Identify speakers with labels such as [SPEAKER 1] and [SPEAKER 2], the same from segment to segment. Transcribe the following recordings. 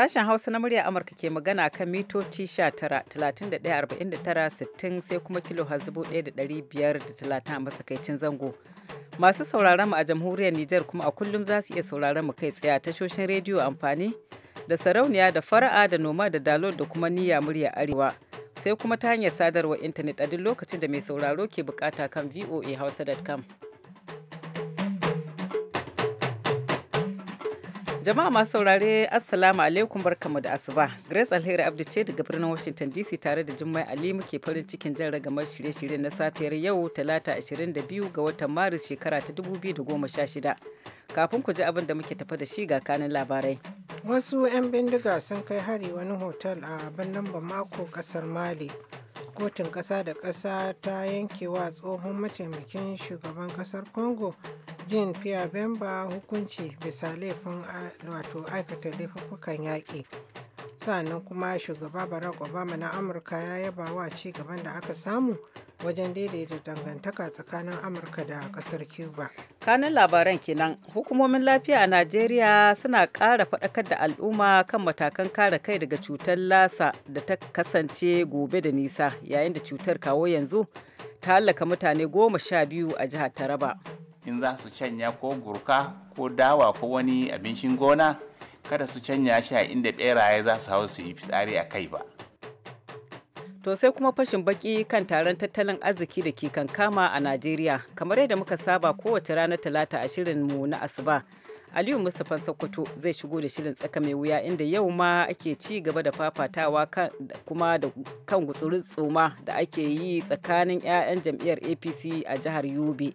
[SPEAKER 1] Sashen Hausa na murya Amurka ke magana kan mitoci 19,31,49,60 sai kuma kilo hazubu 1,530 a matsakaicin zango. Masu sauraron mu a jamhuriyar Nijar kuma a kullum za su iya sauraron mu kai tsaye tashoshin rediyo amfani da sarauniya da fara'a da noma da dalo da kuma niyya murya arewa. Sai kuma ta hanyar sadarwar intanet a duk lokacin da mai sauraro ke bukata kan voahausa.com. Jama'a masu saurare Assalamu alaikum barkamu da asuba. Grace Alheri Abdu ce daga birnin Washington DC tare da Jummai Ali muke farin cikin jan ragamar shirye-shirye na safiyar yau Talata 22 ga watan Maris shekara ta 2016. Kafin ku ji abin da muke tafa da shi ga kanin labarai.
[SPEAKER 2] Wasu 'yan bindiga sun kai hari wani hotel a birnin Bamako kasar Mali. Kotun kasa da kasa ta yankewa tsohon mataimakin shugaban kasar Congo jean pierre bemba hukunci bisa laifin wato aikata laifukan yaƙi sannan kuma shugaba barack obama na amurka ya yaba wa ci gaban da aka samu wajen daidaita dangantaka tsakanin amurka da kasar cuba
[SPEAKER 1] kanin labaran kenan hukumomin lafiya a najeriya suna ƙara faɗakar da al'umma kan matakan kare kai daga cutar lasa da ta kasance gobe da nisa yayin da cutar kawo yanzu ta hallaka mutane goma sha biyu a jihar taraba
[SPEAKER 3] in za su canya ko gurka ko dawa ko wani abincin gona kada su canya shi a inda beraye za su hau su yi fitsari a kai ba
[SPEAKER 1] to sai kuma fashin baki kan taron tattalin arziki da ke kan kama a najeriya kamar yadda muka saba kowace ranar talata a shirin mu na asuba aliyu mustapha sokoto zai shigo da shirin tsaka mai wuya inda yau ma ake ci gaba da fafatawa kuma da kan gutsurin tsoma da ake yi tsakanin 'ya'yan jam'iyyar apc a jihar yobe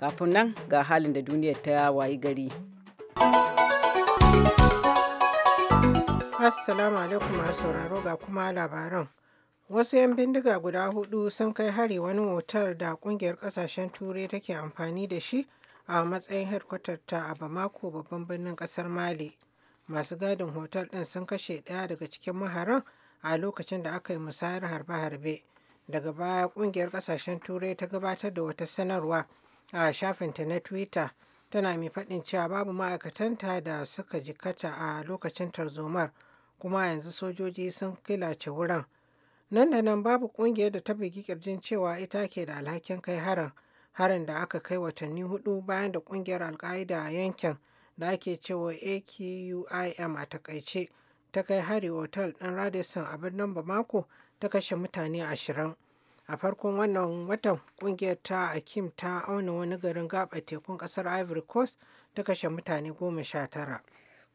[SPEAKER 1] kafin nan ga halin da duniyar ta wayi gari
[SPEAKER 2] assalamu alaikum a sauraro ga kuma labaran wasu 'yan bindiga guda hudu sun kai hari wani otal da kungiyar kasashen turai take amfani da shi a matsayin hedkwatar ta a bamako babban birnin kasar mali masu gadin hotel ɗin sun kashe ɗaya daga cikin maharan a lokacin da aka yi musayar harbe-harbe daga baya kungiyar kasashen turai ta gabatar da wata sanarwa a shafinta na twitter tana mai faɗin cewa babu ma'aikatanta da suka jikata a lokacin tarzomar kuma yanzu sojoji sun kilace wurin nan da nan babu ƙungiyar da ta bugi kirjin cewa ita ke da alhakin kai harin harin da aka kai watanni hudu bayan da ƙungiyar alka'ida a yankin da ake cewa akuim a takaice ta kai hari otal ɗin Radisson a birnin Bamako ta kashe mutane ashirin. a farkon wannan watan kungiyar ta akim ta auna wani garin gaba tekun kasar ivory coast ta kashe mutane goma sha tara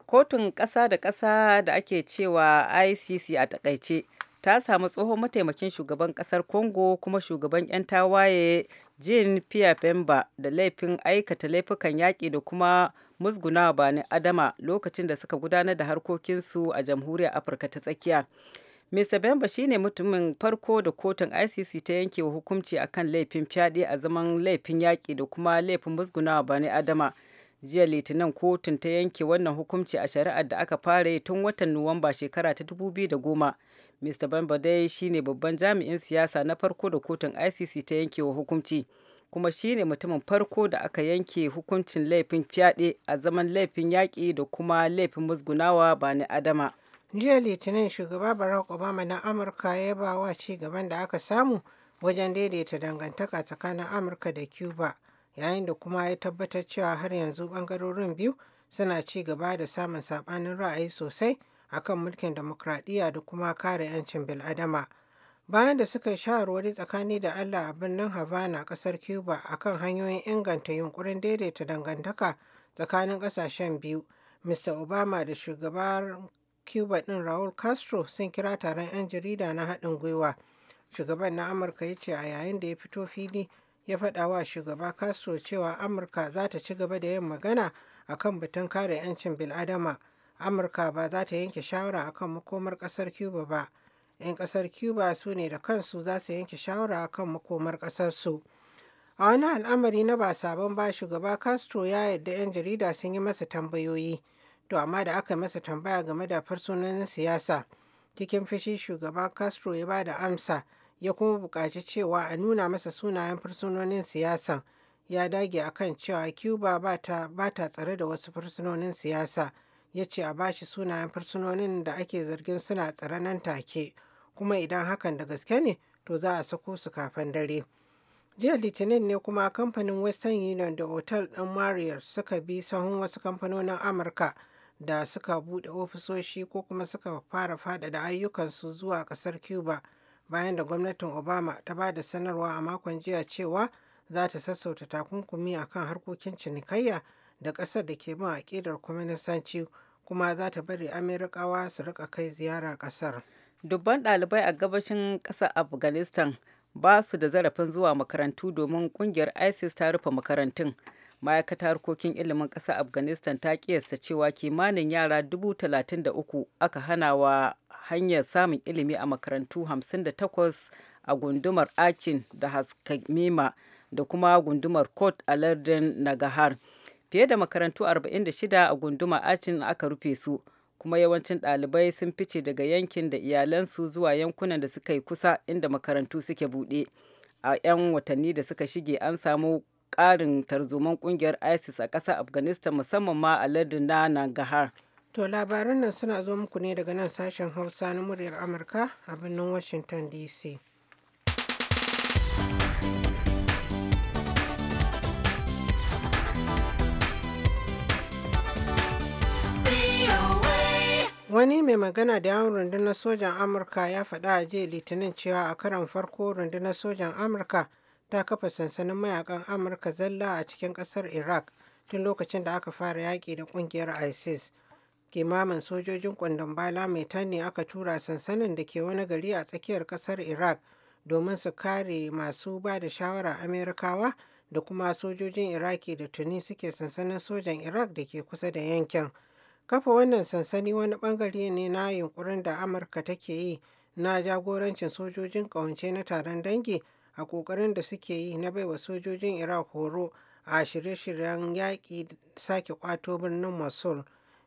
[SPEAKER 1] kotun ƙasa da ƙasa da ake cewa icc a takaice ta samu tsohon mataimakin shugaban ƙasar congo kuma shugaban 'yan tawaye jean pierre pemba da laifin aikata laifukan yaƙi da kuma musgunawa bani adama lokacin da suka gudanar da harkokinsu a jamhuriyar afirka ta tsakiya Mr. Bemba shi ne mutumin farko da kotun ICC ta yanke wa hukunci akan laifin fyaɗe a zaman laifin yaƙi da kuma laifin musgunawa bani Adama. Jiya Litinin kotun ta yanke wannan hukumci a shari'ar da aka fara yi tun watan Nuwamba shekara ta dubu biyu da goma Mr. Bemba dai shi ne babban jami'in siyasa na farko da kotun ICC ta yanke wa hukunci. kuma ne mutumin farko da aka yanke hukuncin laifin fyaɗe a zaman laifin yaƙi da kuma laifin musgunawa bani adama. Jiya Litinin shugaba Barack Obama na
[SPEAKER 2] Amurka ya ba wa ci gaban da aka samu wajen daidaita dangantaka tsakanin Amurka da Cuba yayin da kuma ya tabbatar cewa har yanzu bangarorin biyu suna ci gaba da samun sabanin ra'ayi sosai akan mulkin demokradiyya da kuma kare 'yancin bil'adama. Bayan da suka shawarwari tsakani da Allah a birnin Havana kasar Cuba akan hanyoyin inganta yunkurin daidaita dangantaka tsakanin kasashen biyu, Mr. Obama da shugabar cuba ɗin raul castro sun kira taron 'yan jarida na haɗin gwiwa shugaban na amurka ya ce a yayin da ya fito fili ya faɗa wa shugaba castro cewa amurka za ta ci gaba da yin magana a kan batun kare 'yancin bil'adama amurka ba za ta yanke shawara a kan makomar ƙasar cuba ba 'yan ƙasar cuba su ne da kansu za su yanke shawara a kan makomar su. a wani al'amari na ba sabon ba shugaba castro ya yadda 'yan jarida sun yi masa tambayoyi To amma da aka masa tambaya game da fursunonin siyasa, cikin fushi shugaba Castro ya ba da amsa ya kuma buƙaci cewa a nuna masa sunayen fursunonin siyasan ya dage a kan cewa Cuba ba ta tsare da wasu fursunonin siyasa. ya ce a ba shi sunayen fursunonin da ake zargin suna tsare nan take kuma idan hakan da gaske ne to za a sako su kafin dare jiya litinin ne kuma kamfanin western union da otal ɗin marriott suka bi sahun wasu kamfanonin amurka da suka buɗe ofisoshi ko kuma suka fara faɗaɗa ayyukansu zuwa ƙasar cuba bayan da gwamnatin obama ta ba da sanarwa a makon jiya cewa za ta sassauta takunkumi a kan harkokin cinikayya da ƙasar da ke bin aƙidar kwaminisanci kuma za ta bari amerikawa su rika kai ziyara ƙasar
[SPEAKER 1] dubban ɗalibai a gabashin ƙasar afghanistan ba su da zarafin zuwa makarantu domin ƙungiyar isis ta rufe makarantun ma'aikatar harkokin ilimin ƙasa afghanistan ta kiyasta cewa kimanin yara 33,000 aka hana wa hanyar samun ilimi a makarantu 58 a gundumar akin da haskamima da kuma gundumar kot a lardin nagahar fiye da makarantu 46 a gunduma acin aka rufe su kuma yawancin ɗalibai sun fice daga yankin da iyalansu zuwa yankunan da suka yi kusa inda makarantu suke buɗe a 'yan watanni da suka shige an samu ƙarin tarzoman ƙungiyar isis a ƙasar afghanistan musamman ma a lardin na nangahar
[SPEAKER 2] to labaran nan suna zo muku ne daga nan sashen hausa na muryar amurka a birnin washington dc wani mai magana da yawon rundunar sojan amurka ya faɗa a jiya litinin cewa a karon farko rundunar sojan amurka ta kafa sansanin mayakan Amurka zalla a cikin ƙasar Iraq tun lokacin da aka fara yaƙi da ƙungiyar ISIS. Kimamin sojojin kwandon bala mai tanni aka tura sansanin da ke wani gari a tsakiyar ƙasar Iraq domin su kare masu ba da shawara Amerikawa da kuma sojojin Iraki da tuni suke sansanin sojan Iraq da ke kusa da yankin. Kafa wannan sansani wani bangare ne na yunkurin da Amurka take yi na jagorancin sojojin ƙawance na taron dangi a kokarin da suke yi na baiwa sojojin Iraq horo a shirye-shiryen yaƙi sake ƙwato birnin Mosul.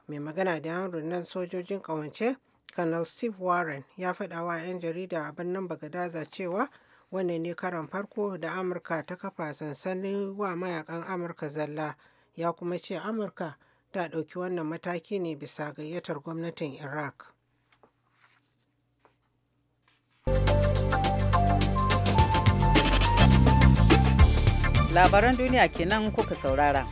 [SPEAKER 2] Mai magana da yawon rundunar sojojin ƙawance, Colonel Steve Warren ya faɗa wa 'yan jarida a birnin Bagadaza cewa wanne ne karon farko da Amurka ta kafa sansanin wa mayakan Amurka zalla ya kuma ce Amurka ta ɗauki wannan mataki ne bisa gayyatar gwamnatin Iraq.
[SPEAKER 1] labaran duniya kenan kuka saurara.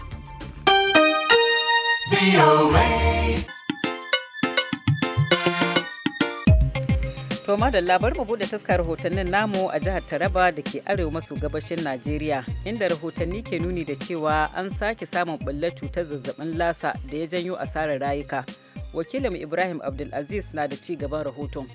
[SPEAKER 1] To madalla bari mu bude taskar rahotannin namu a jihar Taraba da ke arewa maso gabashin Najeriya inda rahotanni ke nuni da cewa an sake samun ɓullar cutar zazzabin lasa da ya janyo asarar rayuka. Wakilin Ibrahim Abdulaziz na da ci gaban rahoton.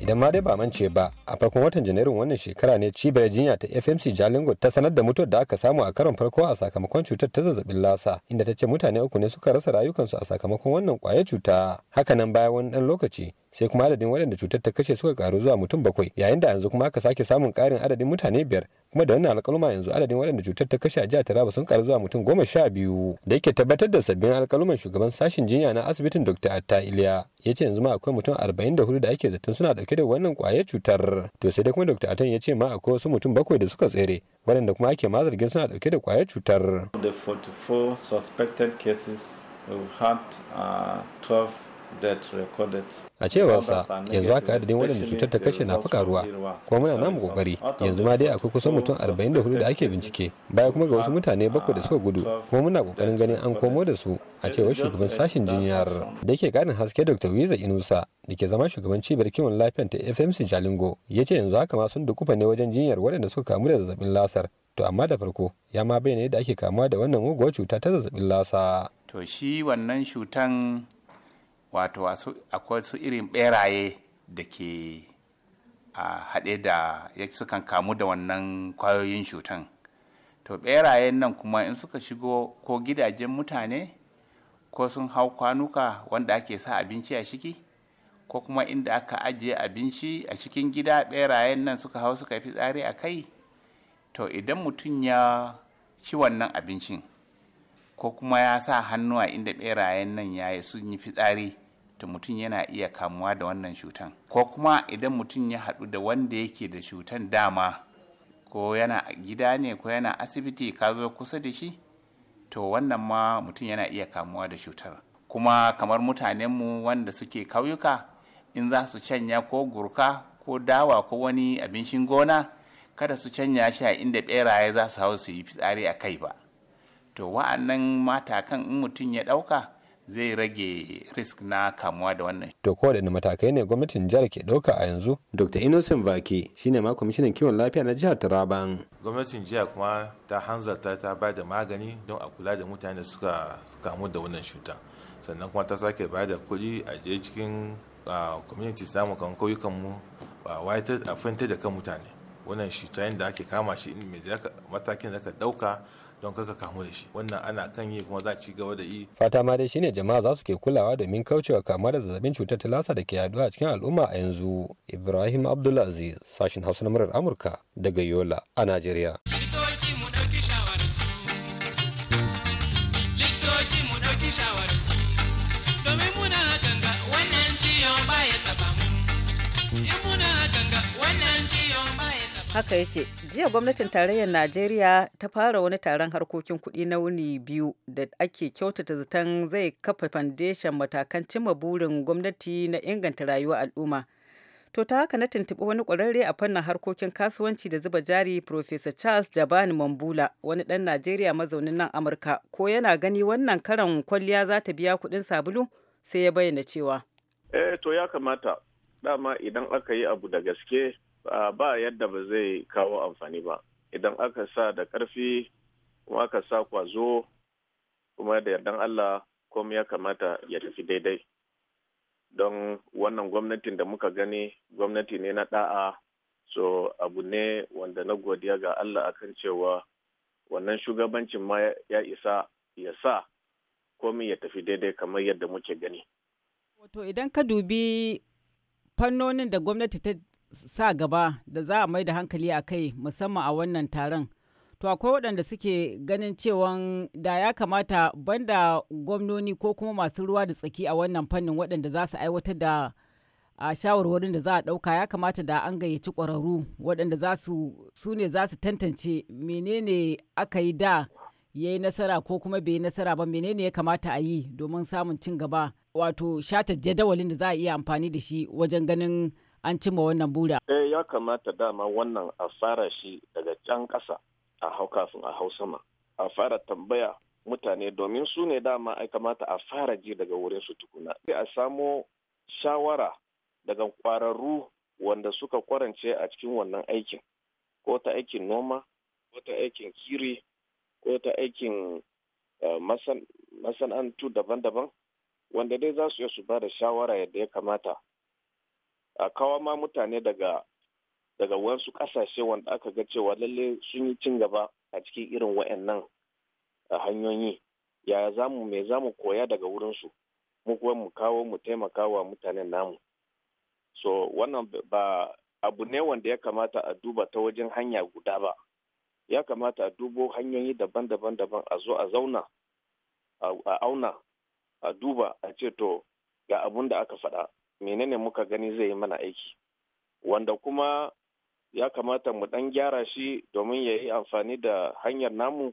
[SPEAKER 4] idan ma dai ba mance ba a farkon watan janairun wannan shekara ne cibiyar jinya ta fmc jalingo ta sanar da mutuwar da aka samu a karon farko a sakamakon cutar ta zazzabin lasa inda ta ce mutane uku ne suka rasa rayukansu a sakamakon wannan kwayar cuta haka nan bayan wani dan lokaci sai kuma adadin waɗanda cutar ta kashe suka karu zuwa mutum bakwai yayin da yanzu kuma aka sake samun karin adadin mutane biyar kuma da wannan alƙaluma yanzu adadin waɗanda cutar ta kashe a jihar Taraba sun karu zuwa mutum goma sha biyu da yake tabbatar da sabbin alƙaluman shugaban sashin jinya na asibitin Dr. Atta Iliya ya ce yanzu ma akwai mutum arba'in da hudu da ake zaton suna dauke da wannan kwayar cutar to sai dai kuma Dr. Atta ya ce ma akwai wasu mutum bakwai da suka tsere waɗanda kuma ake ma zargin suna dauke da kwayar cutar.
[SPEAKER 5] The 44 suspected cases we've had uh, 12 a cewarsa yanzu haka adadin wadanda cutar ta kashe na ruwa
[SPEAKER 4] kuma muna namu kokari yanzu ma dai akwai kusan mutum 44 da ake bincike baya kuma ga wasu mutane bakwai da suka gudu kuma muna kokarin ganin an komo da su a cewar shugaban sashen jinyar da ke ganin haske dr wiza inusa da ke zama shugaban cibiyar kiwon lafiyar ta fmc jalingo ya ce yanzu haka ma sun dukufa ne wajen jinyar wadanda suka kamu da zazzabin lasar to amma da farko ya ma bayyana yadda ake kamuwa da wannan muguwar cuta ta zazzabin lasa
[SPEAKER 3] to shi wannan cutan wato akwai su irin beraye da ke a haɗe da ya sukan kamu da wannan kwayoyin cutan to beraye nan kuma in suka shigo ko gidajen mutane ko sun hau kwanuka wanda ake sa abinci a ciki ko kuma inda aka ajiye abinci a cikin gida berayen nan suka hau suka fi tsari a kai to idan mutum ya ci wannan abincin ko kuma ya sa hannu a inda berayen nan ya yi sun yi fitsari to mutum yana iya kamuwa da wannan cutan ko kuma idan mutum ya haɗu da wanda yake da cutan dama ko yana gida ne ko yana asibiti ka zo kusa da shi to wannan ma mutum yana iya kamuwa da cutar kuma kamar mutanenmu wanda suke kauyuka in za su canya ko gurka ko dawa ko wani abincin gona kada su canya shi a inda beraye za su hau su yi fitsari a kai ba to wa'annan matakan in mutum ya ɗauka zai rage risk na kamuwa da wannan.
[SPEAKER 4] To ko da matakai ne gwamnatin jihar ke ɗauka a yanzu? Dr. Innocent Vaki shine ma kwamishinan kiwon lafiya na jihar Taraban.
[SPEAKER 3] Gwamnatin jiya kuma ta
[SPEAKER 4] hanzarta ta ba da magani don a kula da mutane da suka kamu da wannan cuta. Sannan kuma ta sake ba da kuɗi a je cikin community samu kan kauyukan mu a fahimtar da kan mutane. Wannan cuta yadda ake kama shi matakin da ka dauka. don kaka kamu da shi wannan ana kan yi kuma za ci gaba da yi fata ma dai shine jama'a za su ke kulawa domin kaucewa kamuwa da zazzabin cutar ta lasa da ke yaduwa a cikin al'umma a yanzu ibrahim abdulaziz sashin hausa na murar amurka daga yola a najeriya
[SPEAKER 6] likitoci
[SPEAKER 1] haka yake jiya gwamnatin tarayyar najeriya ta fara wani taron harkokin kuɗi na wuni biyu da ake kyautata zaton zai kafa foundation matakan cimma burin gwamnati na inganta rayuwa al'umma to ta haka na tuntuɓi wani ƙwararre a fannin harkokin kasuwanci da zuba jari professor charles jaban mambula wani ɗan najeriya mazaunin nan amurka ko yana gani wannan karan kwalliya za ta biya kuɗin sabulu sai ya bayyana cewa eh
[SPEAKER 5] to ya kamata dama idan aka yi abu da gaske ba yadda ba zai kawo amfani ba idan aka sa da ƙarfi kuma aka sa kwazo kuma da yardan Allah komai ya kamata ya tafi daidai don wannan gwamnatin da muka gani gwamnati ne na ɗa'a so abu ne wanda na godiya ga Allah akan cewa wannan shugabancin ma ya isa ya sa komai ya tafi daidai kamar yadda muke gani.
[SPEAKER 1] Wato idan ka dubi fannonin da gwamnati ta sa gaba da za a mai da hankali a kai musamman a wannan taron. To akwai waɗanda suke ganin cewa da ya kamata banda gwamnoni ko kuma masu ruwa da tsaki a wannan fannin waɗanda za su aiwatar da a shawarwarin da za a ɗauka ya kamata da an gayyaci ƙwararru waɗanda za su ne za su tantance menene aka yi da ya yi nasara ko kuma bai yi nasara ba menene ya kamata a yi domin samun cin gaba wato shata jadawalin da za a iya amfani da shi wajen ganin an cima wannan buda. Eh
[SPEAKER 5] ya kamata dama wannan a fara shi daga can ƙasa a hau kafin a hau sama. A fara tambaya mutane domin su ne dama ai kamata a fara ji daga wurin su tukuna. Sai a samo shawara daga ƙwararru wanda suka kwarance a cikin wannan aikin. Ko ta aikin noma, ko ta aikin kiri, ko ta aikin eh, masana'antu daban-daban. Wanda dai za su iya su ba da shawara yadda ya kamata a kawo ma mutane daga daga wasu kasashe wanda aka ga cewa lalle sun yi cin gaba a cikin irin wa'annan hanyoyi yaya zamu me zamu koya daga wurinsu mu kuma mu kawo mu taimaka wa mutanen namu so wannan ba abu ne wanda ya kamata a duba ta wajen hanya guda ba ya kamata a dubo hanyoyi daban-daban daban a zo a zauna a auna a duba a ce to ga abun da aka faɗa menene muka gani zai yi mana aiki wanda kuma ya kamata mu dan gyara shi domin ya yi amfani da hanyar namu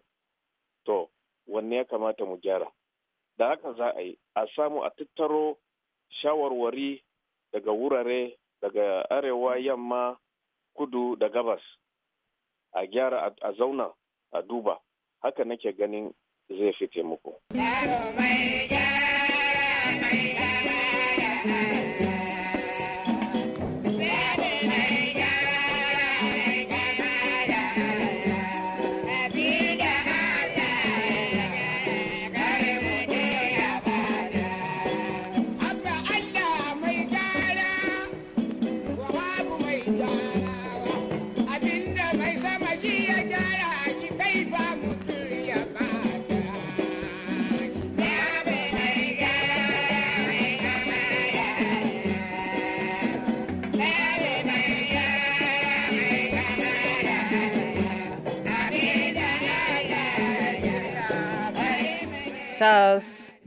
[SPEAKER 5] to wanne ya kamata mu gyara da haka za a yi a samu a tattaro shawarwari daga wurare daga arewa yamma kudu da gabas a gyara a zauna a duba haka nake ganin zai fi taimako.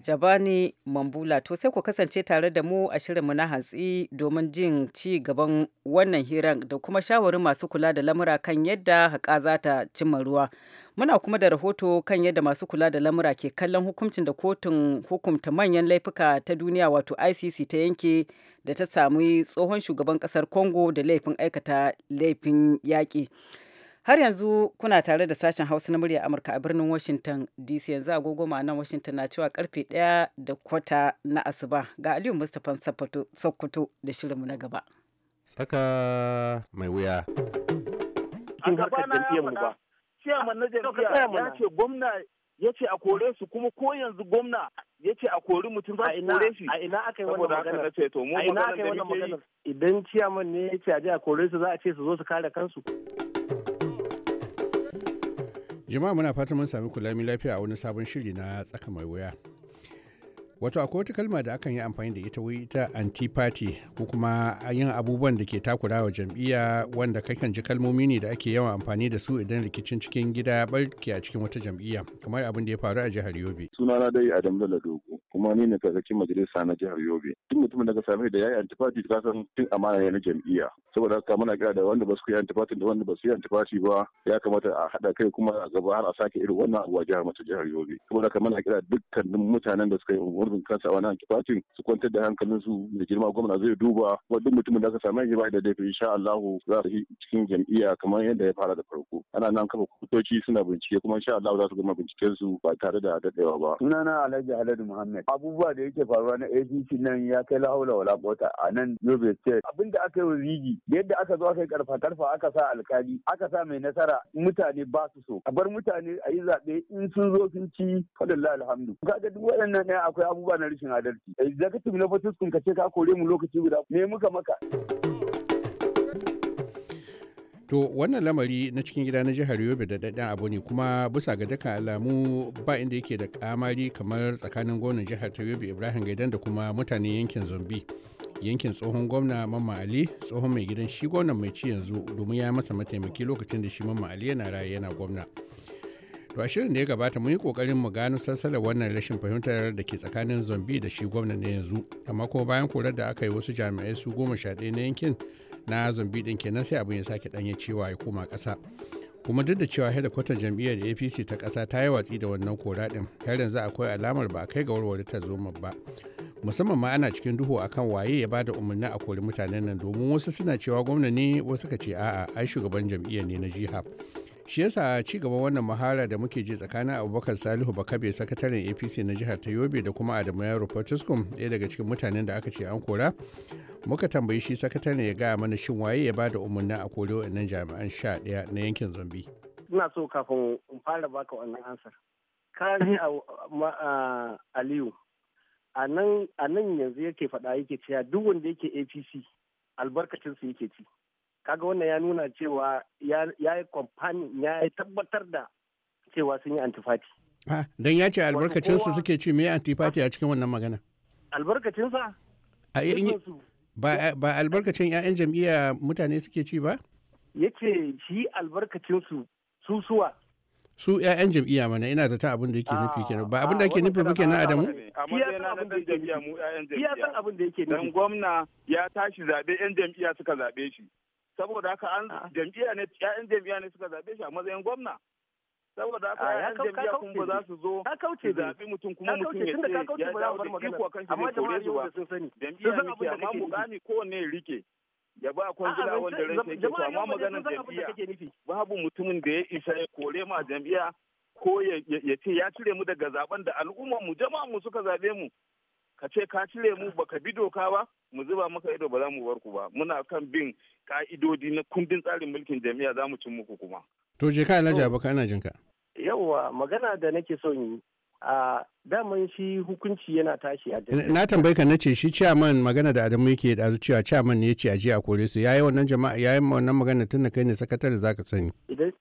[SPEAKER 1] Jabani Mambula. To sai ku kasance tare da mu a shirinmu na hantsi domin jin ci gaban wannan hirar da kuma shawarin masu kula da lamura kan yadda haƙa za ta cimma ruwa. Muna kuma da rahoto kan yadda masu kula da lamura ke kallon hukuncin da kotun hukumta manyan laifuka ta duniya wato ICC ta yanke da ta sami tsohon shugaban ƙasar Congo da laifin aikata laifin yaƙi. Har yanzu kuna tare da sashen Hausa na murya Amurka a birnin Washington DC yanzu agogo nan Washington na cewa karfe 1 da kwata na asuba ga Aliyu Mustapha Sokoto da shirinmu na gaba.
[SPEAKER 7] Tsaka mai wuya.
[SPEAKER 6] Cikin harkar jam'iyyarmu ba. Ciyaman na jam'iyya ya ce gwamna ya ce a kore su kuma ko yanzu gwamna ya ce a kori mutum za su kore shi. A ina aka yi wannan maganar? A ina aka yi wannan maganar?
[SPEAKER 8] Idan ciyaman ne ya ce a je a kore su za a ce su zo su kare kansu.
[SPEAKER 7] jama'a muna fata mun sami kulami lafiya a wani sabon shiri na tsaka mai wuya wato akwai wata kalma da akan yi amfani da ita wai ita antipati ko kuma yin abubuwan da ke takura wa jam'iyya wanda kakan ji kalmomi ne da ake yawan amfani da su idan rikicin cikin gida barke a cikin wata jam'iyya kamar abin da ya faru a jihar yobe
[SPEAKER 5] sunana dai adam da dogo kuma ni ne kakakin majalisa na jihar Yobe. Duk mutumin daga same da yayi antifati ka san tun amana ne na jam'iyya. Saboda haka muna kira da wanda ba su yi antifati da wanda ba su yi antifati ba ya kamata a haɗa kai kuma a gaba har a sake irin wannan abuwa jihar mata jihar Yobe. Saboda haka muna kira dukkanin mutanen da suka yi wurin kansa a wannan antifati su kwantar da hankalin su da girma gwamna zai duba wa duk mutumin da ka same shi ba da dafi insha Allah za su yi cikin jam'iyya kamar yadda ya fara da farko. Ana nan kafa kutoci suna bincike kuma insha Allah za su gama binciken su ba tare da daɗewa ba.
[SPEAKER 6] Sunana Alhaji Alhaji Muhammad. abubuwa da yake faruwa na APC nan ya kai lahaula wala kota a nan Yobe State. Abin da aka yi rigi yadda aka zo aka yi karfa karfa aka sa alkali aka sa mai nasara mutane ba su so. A bar mutane a yi zaɓe in sun zo sun ci fadallah alhamdu. ga duk waɗannan ne akwai abubuwa na rashin adalci. Executive na fatuskun ka ce ka kore mu lokaci guda me muka maka.
[SPEAKER 7] to wannan lamari na cikin gida na jihar yobe da daɗin abu ne kuma bisa ga dukkan alamu ba inda yake da kamari kamar tsakanin gwamnan jihar ta yobe ibrahim gaidan da kuma mutane yankin zombi yankin tsohon gwamna mamma ali tsohon mai gidan shi gwamnan mai ci yanzu domin ya masa mataimaki lokacin da shi mamma ali yana raye yana gwamna to a shirin da ya gabata mun yi kokarin mu gano sassalar wannan rashin fahimtar da ke tsakanin zombi da shi gwamna na yanzu amma ko bayan korar da aka yi wasu jami'ai su goma sha ɗaya na yankin na zombi din kenan sai abin ya sake danye cewa ya koma kasa kuma duk da cewa hedikwatar jam'iyyar apc ta kasa ta yi watsi da wannan kora din har yanzu akwai alamar ba a kai ga warware ta zoma ba musamman ma ana cikin duhu akan waye ya bada umarni a kori mutanen nan domin wasu suna cewa gwamna ne wasu ka ce a'a ai shugaban jam'iyyar ne na jiha shi yasa ci gaban wannan mahala da muke ji tsakanin abubakar salihu bakabe sakataren apc na jihar ta yobe da kuma adamu yaro fortescue ɗaya daga cikin mutanen da aka ce an kora muka tambayi shi sakataren ya gaya mana shin waye ya bada umarnin a kore wa'annan jami'an sha ɗaya na yankin zombi
[SPEAKER 8] ina so kafin in fara baka wannan ansar kare aliyu a nan yanzu yake faɗa yake cewa duk wanda yake apc albarkacinsu yake ci kaga wannan ya nuna cewa ya yi kwamfani ya tabbatar da cewa sun yi antifati.
[SPEAKER 7] Ah, don ya ce albarkacinsu suke ce me antifati a cikin wannan magana.
[SPEAKER 8] albarkacinsa?
[SPEAKER 7] ba albarkacin 'ya'yan jam'iyya mutane suke ci ba? ya ce shi albarkacinsu su suwa su 'ya'yan jam'iyya mana ina zata abin da yake ah, nufi kenan ba abin da ah, yake nufi muke na adamu
[SPEAKER 6] ya san abin da yake nufi dan gwamna ya tashi zabe 'yan jam'iyya suka zabe shi saboda haka an ah. jam'iyya ne ƴaƴan jam'iyya ne suka zaɓe shi a matsayin gwamna saboda haka ah, ƴaƴan jam'iyya kun ba za su zo ka kauce zaɓi mutum kuma mutum ya ce ya dawo da iko kan shi ne kore su ba jam'iyya ne ke amma mukami kowanne ya rike ya ba gida wanda rai sai ke amma maganar jam'iyya babu mutumin da ya isa ya kore ma jam'iyya ko ya ce ya cire mu daga zaben da al'ummar mu jama'a mu suka zaɓe mu ka ce ka cire mu baka bi doka ba mu zuba maka ido ba za mu bar ku ba muna kan bin ka'idodi na kundin tsarin mulkin jami'a za mu cin muku kuma
[SPEAKER 7] to je ka alhaji abaka ana jinka
[SPEAKER 6] yawwa
[SPEAKER 8] magana da nake son yi a daman shi hukunci yana tashi a na tambayi
[SPEAKER 7] ka nace shi chairman magana da adamu yake da cewa chairman ne yace aje a kore su yayi wannan jama'a yayi wannan magana tun da kai ne sakatare zaka sani
[SPEAKER 8] idan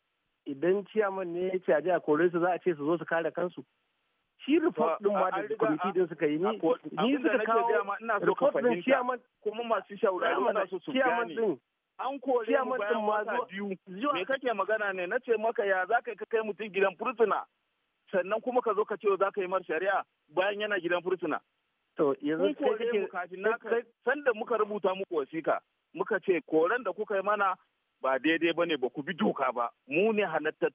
[SPEAKER 8] idan chairman ne yace aje a kore su za a ce su zo su kare kansu shi report din ma da committee din suka yi ni ni suka kawo report din chairman
[SPEAKER 6] kuma masu shaurari ina so su gane an kore mu bayan wata biyu me kake magana ne na ce maka ya za ka kai mutum gidan fursuna sannan kuma ka zo ka ce za ka yi mar shari'a bayan yana gidan fursuna to yanzu kai kake kafin na sanda muka rubuta muku wasiƙa muka ce koren da kuka yi mana ba daidai ba ne ba ku bi doka ba mu ne halatta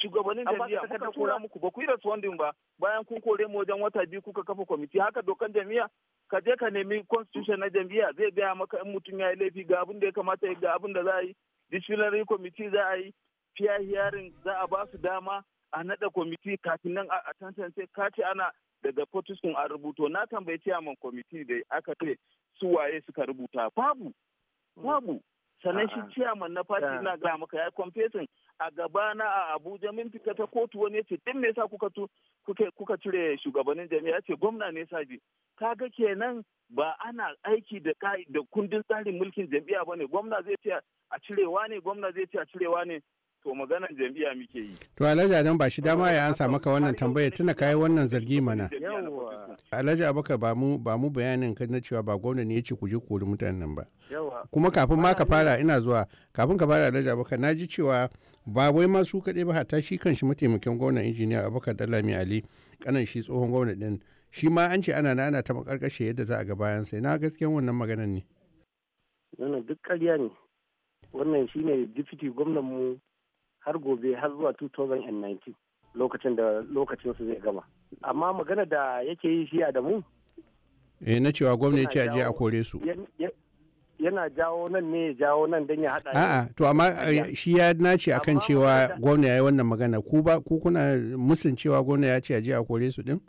[SPEAKER 6] shugabannin jami'a kuka tura muku ba ku yi responding ba bayan kun kore mu wajen wata biyu kuka kafa kwamiti haka dokan jami'a ka je ka nemi constitution na jami'a zai gaya maka in mutum ya yi laifi ga abin da ya kamata ya ga abin da za a yi disciplinary committee za a yi fiya hearing za a ba su dama a naɗa kwamiti kafin nan a tantance kace ana daga potiskum a rubuto na tambayi ciyaman kwamiti da aka ce su waye suka rubuta babu babu sannan shi ciyaman na fati na ga maka ya confessing a gaba na a Abuja min fita ta kotu wani ce din me yasa kuka kuka cire shugabannin jami'a ce gwamna ne sa saji kaga kenan ba ana aiki da kundin tsarin mulkin jami'a ba bane gwamna zai ce a cirewa ne gwamna zai ce a cirewa ne to maganan jam'iyya muke yi.
[SPEAKER 7] To Alhaji Adam ba shi dama ya ansa maka wannan tambaya tuna kai wannan zargi mana. Alhaji Abubakar ba mu ba mu bayanin kan na cewa ba gwamna ne yace ku je kori mutanen nan ba. Kuma kafin ma ka fara ina zuwa kafin ka fara Alhaji Abubakar na ji cewa ba wai ma su kaɗai ba hatta shi kanshi mataimakin gwamnan injiniya Abubakar Dalami Ali kanan shi tsohon gwamna din shi ma an ce ana na ana ta makarkashe yadda za a ga bayan sai na gaskiyan wannan maganan ne.
[SPEAKER 8] Wannan duk ƙarya ne. Wannan shine difiti gwamnan mu har gobe har zuwa 2019 lokacin da lokacin su zai gama amma magana da yake yi shi da mu
[SPEAKER 7] eh na cewa gwamnati a je a kore su
[SPEAKER 8] yana jawo nan ne ya jawo nan don ya hada a'a
[SPEAKER 7] to amma eh, shi ya nace akan cewa gwamna ya yi wannan magana ku ba ku kuna musun cewa gwamna ya ce a je a kore su din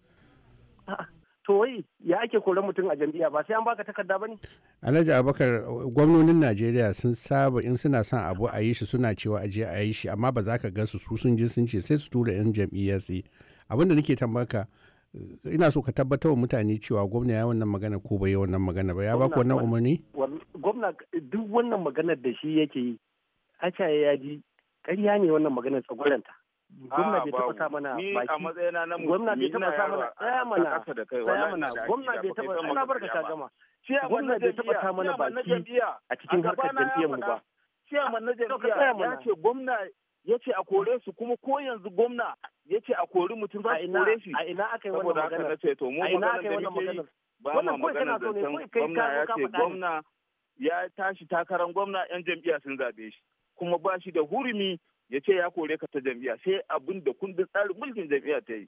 [SPEAKER 8] to wai ya ake koran mutum a jam'iyya ba sai an baka takarda ba ne.
[SPEAKER 7] Alhaji Abubakar gwamnonin Najeriya sun saba in suna son abu a yi shi suna cewa a je a yi shi amma ba za ka ga su su sun ji sun ce sai su tura 'yan jam'iyya sai abin da nake tambaka ina so ka tabbatar wa mutane cewa gwamna ya wannan magana ko bai wannan magana ba ya ba wannan umarni
[SPEAKER 8] gwamna duk wannan maganar da shi yake yi aca ya ji ƙarya ne wannan maganar tsagwaranta
[SPEAKER 6] Ah, gwamna bai taba sa
[SPEAKER 8] mana baki gwamna bai taba sa mana tsaya mana tsaya mana gwamna bai taba ana barka ka gama
[SPEAKER 6] gwamna bai taba sa mana baki a cikin harkar jam'iyyar mu ba ciyaman na jam'iyya ya ce gwamna ya ce a kore su kuma ko yanzu gwamna ya ce a kori mutum za su kore shi a ina aka yi wannan magana a ina aka yi wannan magana wannan kawai kana so ne kawai kai ka ka faɗa gwamna ya tashi takarar gwamna yan jam'iyya sun zabe shi kuma ba shi da hurumi ya ce ya kore ka ta jam'iyya sai abin da kundin tsarin mulkin jam'iyya ta yi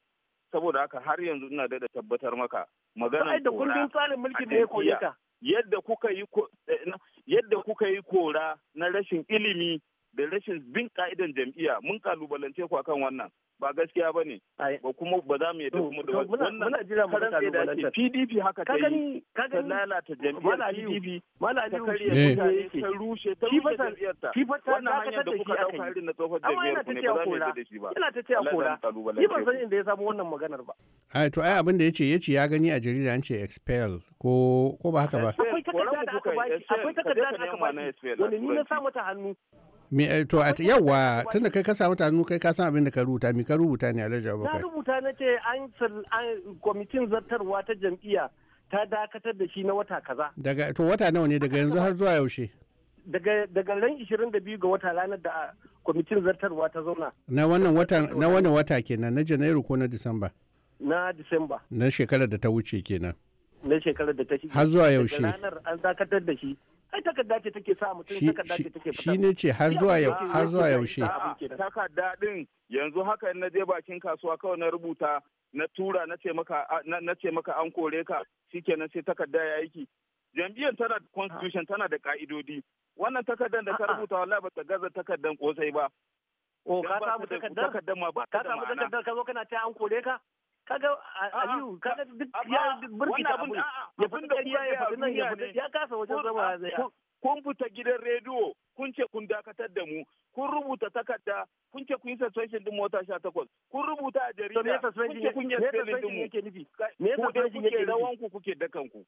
[SPEAKER 6] saboda haka har yanzu ina da tabbatar maka magana da kundin tsarin mulkin da ya kore ka yadda kuka yi eh, yadda kuka yi kora na rashin ilimi da rashin bin ka'idan jam'iyya mun kalubalance ku akan wannan ba gaskiya ba ne ba kuma ba za mu yadda kuma da wannan karan da ake pdp haka ta yi ta lalata jam'iyyar pdp ta karya mutane ta rushe ta rushe jam'iyyar ta wannan hanyar da kuka dauka irin na tsohon jam'iyyar ku ne ba za mu yadda da shi ba yana ta ce a kora ni ban
[SPEAKER 8] san inda ya samu wannan maganar ba
[SPEAKER 7] ai to ai abin da yace yace ya gani a jarida an ce expel ko ko ba haka ba
[SPEAKER 8] akwai takarda da aka baki akwai takarda da aka baki wani ni na sa mata hannu
[SPEAKER 7] Me eh, to a yawa tunda kai ka samu tanu kai ka san abin da ka rubuta me ka rubuta ne Alhaji Abubakar. Na
[SPEAKER 8] rubuta na ce an kwamitin zartarwa ta jam'iyya ta dakatar da shi na wata kaza.
[SPEAKER 7] Daga to wata nawa ne daga yanzu har zuwa yaushe?
[SPEAKER 8] Daga daga ran 22 ga wata ranar da ah, kwamitin zartarwa ta zauna.
[SPEAKER 7] Na wannan wata na wannan wata kenan na Janairu ko na Disamba?
[SPEAKER 8] Na Disamba.
[SPEAKER 7] Na shekarar da ta wuce kenan.
[SPEAKER 8] Na shekarar
[SPEAKER 6] da ta shi.
[SPEAKER 7] Har zuwa yaushe? Ranar
[SPEAKER 6] an dakatar da shi. ai takarda ce take sa mutum
[SPEAKER 7] takarda ce
[SPEAKER 8] take fita
[SPEAKER 6] shi
[SPEAKER 7] ne ce har zuwa yau har zuwa yaushe
[SPEAKER 6] takarda din yanzu haka na je bakin kasuwa kawai na rubuta na tura na ce maka na ce maka an kore ka shikenan sai takarda ya aiki jam'iyyar tana da constitution tana da ka'idodi wannan takardar da ka rubuta wallahi bata gaza takardar kosai ba o oh, ka samu takardar ka samu takardar ka zo kana ta an kore ka kaga aliyu kaga duk ya burkita abu ya fi da ya fi nan ya fi ya kasa wajen zama ya kun fita gidan rediyo kun ce kun dakatar da mu kun rubuta takarda kun ce kun yi suspension din mota takwas. kun rubuta a jarida kun ce kun yi suspension din mu ku dai kuke rawan ku kuke dakan ku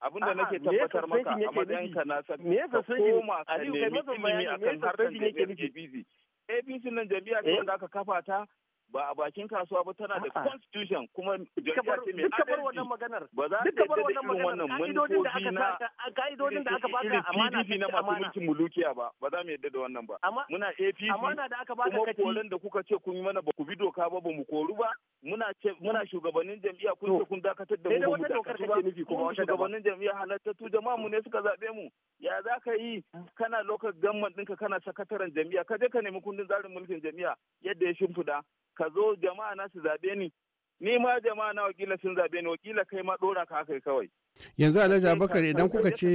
[SPEAKER 6] abin da nake tabbatar maka a matsayin ka na san ka koma ka nemi ilimi akan harkar da APC nan jami'a ce eh? wanda aka kafa ta ba a bakin kasuwa ba tana da constitution kuma jam'iyya ce mai maganar. ba za ta yadda da irin wannan manufofi na
[SPEAKER 8] ka'idodin da aka baka amana PDP na masu mulkin
[SPEAKER 6] mulukiya ba ba za mu yadda da wannan ba muna APC amana da aka baka kuma da kuka ce kun yi mana ba ku bi doka ba ba mu koru ba muna ce muna shugabannin jam'iyya kun ce kun dakatar da mu ba mu dakatar ba kuma shugabannin jam'iyya tu jama'a mu ne suka zabe mu ya za ka yi kana local government ɗinka kana sakataren jam'iyya ka je ka nemi kundin tsarin mulkin jam'iyya yadda ya shimfiɗa ka zo jama'a na su zaɓe ni ni ma jama'a na wakila sun zaɓe ni wakila kai ma ɗora ka haka kawai.
[SPEAKER 7] yanzu alhaji abubakar idan kuka ce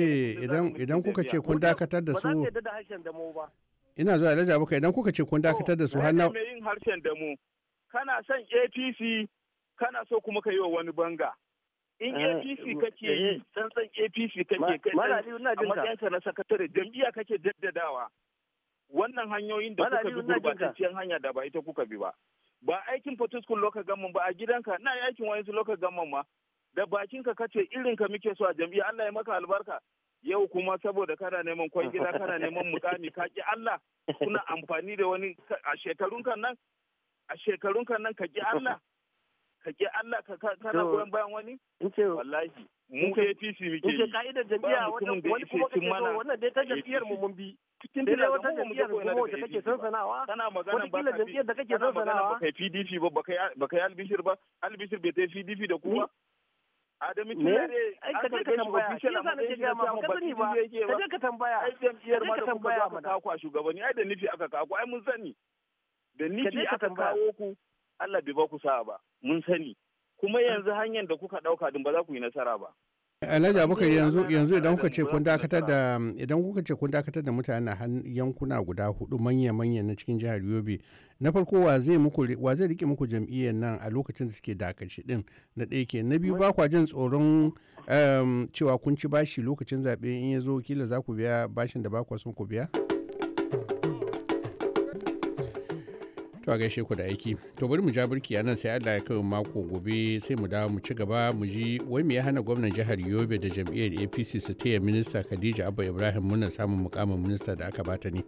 [SPEAKER 7] idan kuka ce kun dakatar da su ina zuwa alhaji abubakar idan kuka ce kun dakatar da su har na
[SPEAKER 6] yin harshen da mu kana son apc kana so kuma ka yi wa wani banga in eh, apc eh, kake yi eh. san apc kake kai a matsayinka na sakatare jam'iyya kake jaddadawa wannan hanyoyin da kuka bi gurbatacciyar hanya da ba ita kuka bi ba ba aikin fatiskun loka government ba a gidanka na yi aikin wayansu loka government ma da bakin ka kace irin ka muke so a jam'iyya Allah ya maka albarka yau kuma saboda kana neman kwan gida kana neman mukami ka ki Allah kuna amfani da wani a shekarun kan nan a shekarun kan nan ka ki Allah ka ki Allah ka kana goyon bayan wani
[SPEAKER 8] wallahi mu ka
[SPEAKER 6] APC muke yi. ka'ida jam'iyya wani kuma kake so wannan dai ta jam'iyyar mu mun bi. cikin dai wata jam'iyyar kuma wacce kake son sanawa Kana magana ba ka jam'iyyar da kake son sanawa kana magana Ba kai PDP ba ba kai Albishir ba. Albishir bai tai PDP da kuma. Adamu Tiyare an karɓe shi ba official a matsayin ka na samun ba ka yake ba. Kaje ka
[SPEAKER 8] tambaya. Ai jam'iyyar ma da kuka zo aka kawo
[SPEAKER 6] a shugabanni ai da nufi aka kawo ai mun sani. Da nufi aka kawo ku Allah bai ba ku sa'a ba mun sani. kuma yanzu hanyar da kuka ɗauka din ba za ku yi nasara ba
[SPEAKER 7] Alhaji Abubakar yanzu yanzu idan kuka ce kun dakatar da idan kuka ce kun dakatar da mutane a yankuna guda hudu manya-manya na cikin jihar Yobe na farko wa zai muku wa zai rike muku jam'iyyar nan a lokacin da suke dakace din na ɗaya ke na biyu ba kwa jin tsoron ehm, cewa kun ci bashi lokacin zaɓe in ya zo kila za ku biya bashin da ba kwa son ku biya. to a gaishe ku da aiki to bari mu ja burki a nan sai Allah ya kai mako gobe sai mu dawo mu ci gaba mu ji wai me ya hana gwamnan jihar Yobe da jam'iyyar APC su taya minista Khadija Abba Ibrahim muna samun mukamin minista da aka bata ne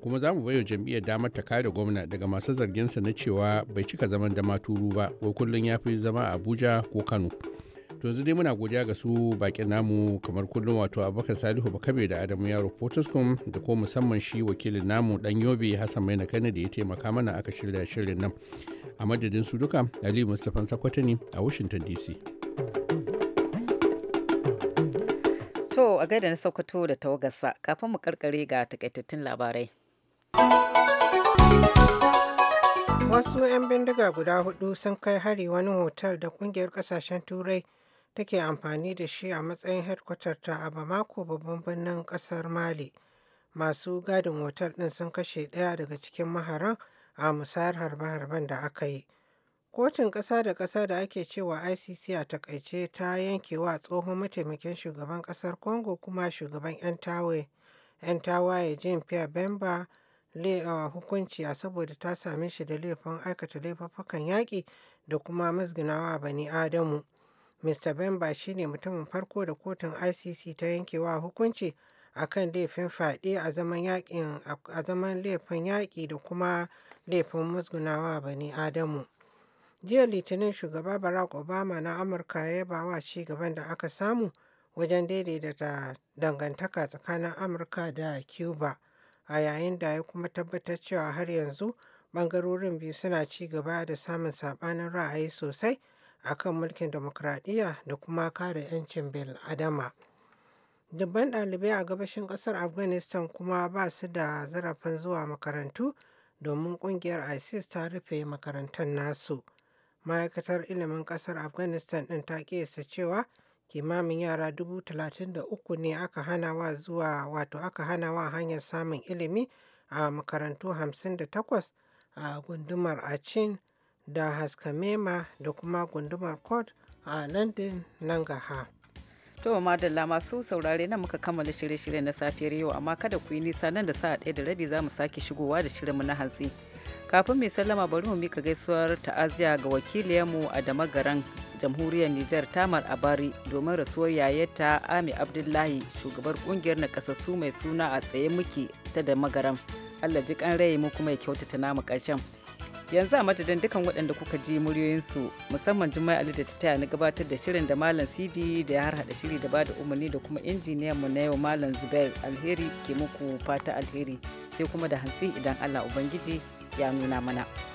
[SPEAKER 7] kuma za mu baiwa jam'iyyar damar ta kare gwamna daga masu zargin sa na cewa bai cika zaman damaturu maturu ba wai kullum ya fi zama a Abuja ko Kano to yanzu dai muna godiya ga su bakin namu kamar kullum wato abubakar salihu bakabe da adamu yaro potoscom da ko musamman shi wakilin namu dan yobe hassan maina kane da ya taimaka mana aka shirya shirin nan a madadin su duka aliyu mustapha ne a washington dc
[SPEAKER 1] to a gaida na sokoto da tawagarsa kafin mu karkare ga takaitattun labarai
[SPEAKER 2] wasu 'yan bindiga guda hudu sun kai hari wani hotel da kungiyar kasashen turai take amfani da shi a matsayin hedkwatar ta a Bamako babban birnin kasar Mali. Masu gadin otal ɗin sun kashe ɗaya daga cikin maharan a musayar harbe-harben da aka yi. Kotun ƙasa da ƙasa da ake cewa ICC a takaice ta yankewa tsohon mataimakin shugaban ƙasar Congo kuma shugaban 'yan tawaye Jean Pierre Bemba hukunci a saboda ta same shi da laifin aikata laifuffukan yaƙi da kuma musgunawa bani Adamu. Mr. Bemba shi ne mutumin farko da kotun ICC ta yankewa hukunci a kan laifin fyaɗe a zaman laifin yaƙi da kuma laifin musgunawa bani Adamu. Jiya Litinin shugaba Barack Obama na Amurka ya yaba wa ci gaban da aka samu wajen daidaita dangantaka tsakanin Amurka da Cuba a yayin da ya kuma tabbatar cewa har yanzu ɓangarorin biyu suna ci gaba da samun saɓanin ra'ayi sosai akan mulkin demokradiyya da kuma kare 'yancin adama. Dubban ɗalibai a gabashin ƙasar Afghanistan kuma ba su da zarafin zuwa makarantu domin ƙungiyar ISIS ta rufe makarantar nasu. Ma'aikatar ilimin ƙasar Afghanistan ɗin ta ƙiyasta cewa kimamin yara dubu talatin da uku ne aka hana wa zuwa wato aka hana wa hanyar samun ilimi a makarantu hamsin da takwas a gundumar Achin da Haskamema da kuma gunduma Port a London nan gaha.
[SPEAKER 1] To madalla masu saurare na muka kammala shirye-shirye na safiyar yau amma kada ku yi nisa nan da sa'a ɗaya da rabi za mu sake shigowa da shirinmu na hantsi. Kafin mai sallama bari mu mika gaisuwar ta'aziya ga wakiliyarmu a damagaran jamhuriyar Nijar Tamar Abari domin rasuwar yayata Ami Abdullahi shugabar kungiyar na kasassu mai suna a tsaye muke ta da magaran. Allah ji kan rai mu kuma ya kyautata namu karshen. yanzu a madadin dukan waɗanda kuka ji muryoyinsu musamman jimai ali da ta taya na gabatar da shirin da malam cd da ya harhaɗa shiri da bada umarni da kuma injiniyan mu na yau malam zubair alheri ke muku fata alheri sai kuma da hantsi idan allah ubangiji ya nuna mana.